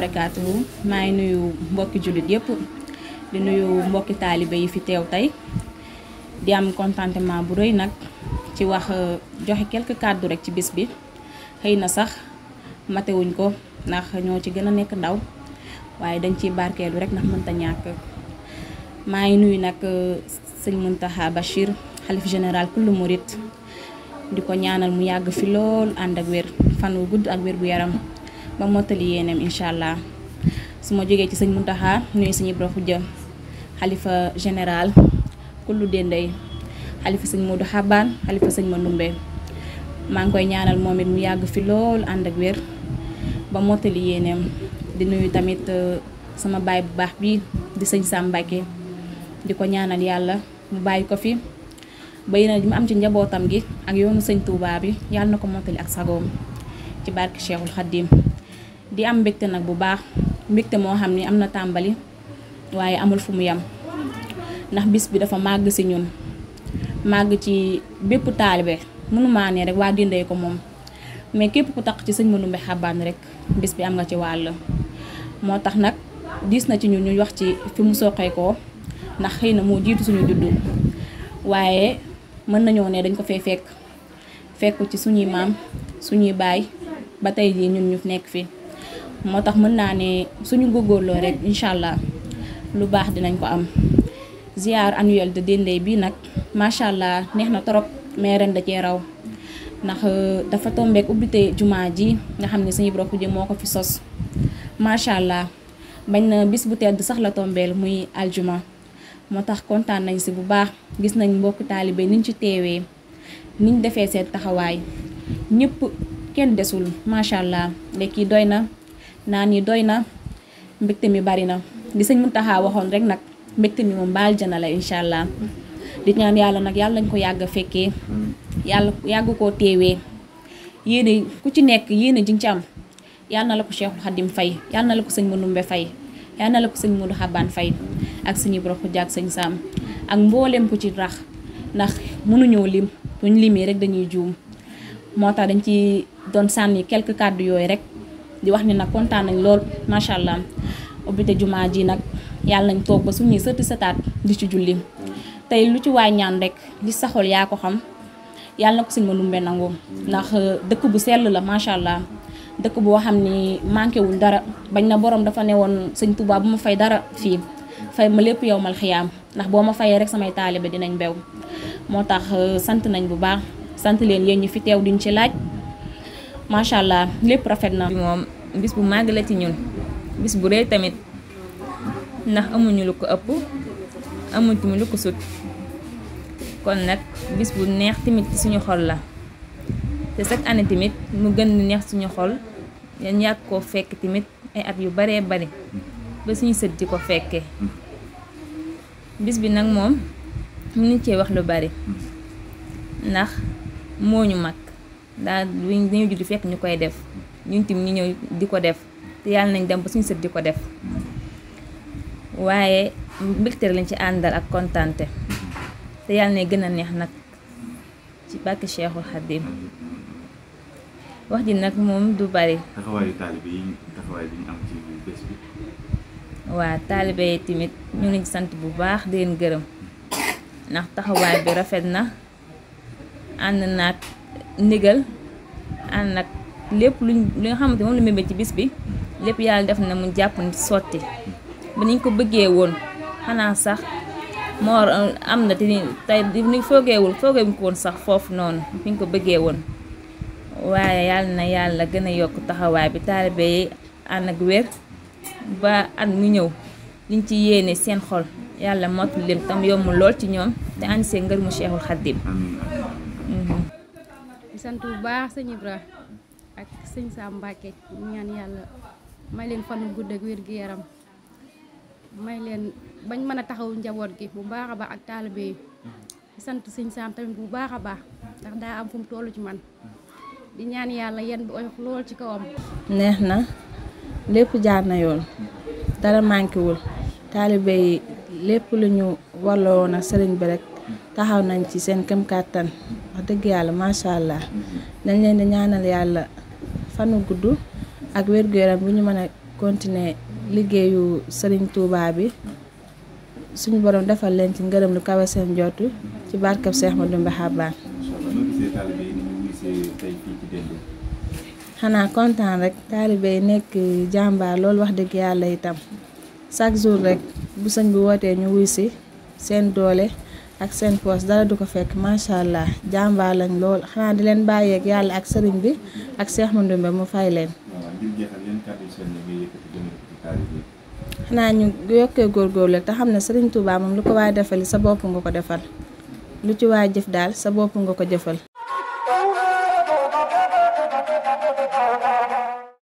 barakaatu maa ngi nuyu mbokki jullit yëpp di nuyu mbokki taalibe yi fi teew tey di am contentement bu rëy nag ci wax euh, joxe quelques kàddu rek ci bis bi xëy na sax matewuñ ko ndax ñoo ci gën a nekk ndaw waaye dañ ciy barkeelu rek ndax mënta ñàkk maa ngi nuyu nag euh, sëñ Muntaxa Bachir xalif général kullu murit di ko ñaanal mu yàgg fi lool ànd ak wér fan wu gudd ak wér bu yaram ba mottali yéeneem incha allah su ma jógee ci sëñ Muntaxa nuyu sëñ Ibra Xuja xalifa général kullu dénday xalifa sëñ Moodu Xabaan xalifa sëñ Mandumbe maa ngi koy ñaanal moom it mu yàgg fi lool ànd ak wér ba mottali yéeneem di nuyu tamit euh, sama baay bu baax bi di sëñ Sam di ko ñaanal yàlla mu bàyyi ko fi ba yeneen ji mu am ci njabootam gi ak yoonu sëñ Touba bi yàlla na ko mottali ak sagoom ci barke Cheikhul Khadim di am mbégte nag bu baax mbégte moo xam ni am na tàmbali waaye amul fu mu yem ndax bis bi dafa màgg si ñun màgg ci bépp taalibe mënumaa ne rek waa Dindey ko moom mais képp ku taq ci sëñ Manoumbe Xabane rek bis bi am nga ci wàll moo tax nag diis na ci ñun ñu wax ci fi mu soqee ko ndax xëy na moo jiitu suñu waaye mën nañoo ne dañ ko fee fekk fekk ci suñuy maam suñuy baay ba tey jii ñun ñu nekk fi moo tax mën naa ne suñu góorgóorloo rek incha allah lu baax dinañ ko am ziar annuel de Dendey bi nag macha allah neex na trop mais ren da cee raw ndax euh, dafa tombeek ubbite jumaa ji nga xam ne suñu bopp ji moo ko fi sos macha allah bañ na bis bu tedd sax la tombeel muy aljuma moo tax kontaan nañ si bu baax gis nañ mbokk taalibe niñ ci teewee niñ defee seen taxawaay ñëpp kenn desul macha allah léegi doy na. naan yi doy na mbégte mi bari na di sëñ Muntaxa waxoon rek nag mbégte mi moom baal jana la incha allah di ñaan yàlla nag yàlla nañ ko yàgg a fekkee yàlla yàgg koo teewee yéene ku ci nekk yéene ji nga yàlla na la ko Cheikhul Khadim fay yàlla na la ko sëñ Manumbe fay yàlla na la ko sëñ Modou Xabaan fay ak suñu borom jaag sëñ Saam ak mbooleem ku ci rax ndax mënuñoo lim buñ limee rek dañuy juum moo tax dañ ci doon sànni quelques kàddu yooyu rek di wax ni nag kontaan nañ lool macha allah ubbite jumaa ji nag yàlla nañ toog ba suñuy sëti sëtaat di ci julli tey lu ci waay ñaan rekk li saxool yaa ko xam yàlla na ko suñ ma numbe nangoo ndax euh, dëkk bu sell la macha allah dëkk boo xam ni manqué wul dara bañ na borom dafa ne woon sëñ Tuubaa bu ma fay dara fii fay ma lépp yow mal xiyaam ndax boo ma fayee rek samay taalibe dinañ bew moo tax euh, sant nañ bu baax sant leen yéen ñu fi teew duñ ci laaj macha allah lépp rafet na. bi moom bis bu màgg la ci ñun bis bu rëy tamit ndax amuñu lu ko ëpp amuñu lu ko sut kon nag bis bu neex tamit ci suñu xol la te chaque année tamit mu gën di neex suñu xol yan yàq koo fekk tamit ay at yu baree bari ba suñu sët di ko fekkee bis bi nag moom mënuñ cee wax lu bari ndax moo ñu mag. daa dañu juddu fekk ñu koy def ñun tim ñu ñëw di ko def te yàlla nañ dem ba suñu sët di ko def waaye mbégte lañ ci àndal ak kontante te yàlla ne gën a neex nag ci bàkki Cheikhul Khadim wax ji nag moom du bari waa taalibe yi tamit ñu ngi sant bu baax di leen gërëm ndax taxawaay bi rafet na ànd naag ndigal ànd nag lépp luñ li nga xamante moom la mébét ci bis bi lépp yàlla def na mu jàpp sotti ba niñ ko bëggee woon xanaa sax moor euh, am na te ni tey ni foogeewul foogeewuñ ko woon sax foofu noonu fi ñu ko bëggee woon waaye yàlla na yàlla gën a yokk taxawaay bi taalibe yi ànd ak wér ba at mu ñëw liñ ci yéene seen xol yàlla motu leen tam yomb lool ci ñoom te ànd see ngër mu Seexul Xaddim sant bu baax sëñ Ibra ak sëñ Sam Mbacke ñaan yàlla may leen fanu gudd ak wér gu yaram may leen bañ mën a taxaw njaboot gi bu baax a baax ak taalibe yi sant sëñ Sam tamit bu baax a baax ndax daa am fum mu toll ci man di ñaan yàlla yan bi oyof lool ci kawam. neex na lépp jaar na yoon dara manqué wul taalibe yi lépp lu ñu warloo woon ak sëriñ bi rek taxaw nañ ci seen këm kàttan wax dëgg yàlla macha allah dañ leen di ñaanal yàlla fanu gudd ak wér-gu-yaram bu ñu mën a continuer liggéeyu sëriñ Touba bi suñu borom defal leen ci ngërëm lu kawe seen jotu ci barkab Seex Madu Mbe Xabaan xanaa kontaan rek taalibe nekk jàmbaar loolu wax dëgg yàlla itam chaque jour rek bu sëñ bi wootee ñu wuy si seen doole ak seen poos dara du ko fekk macha allah jàmbaar lañ lool xanaa di leen bàyyeeg yàlla ak sëriñ bi ak Cheikh Mandumbe mu fay leen. xanaa ñu yokkee góor góorgóorlu te xam ne Sëriñ Tuubaa moom lu ko waay defali sa bopp nga ko defal lu ci waay jëf daal sa bopp nga ko jëfal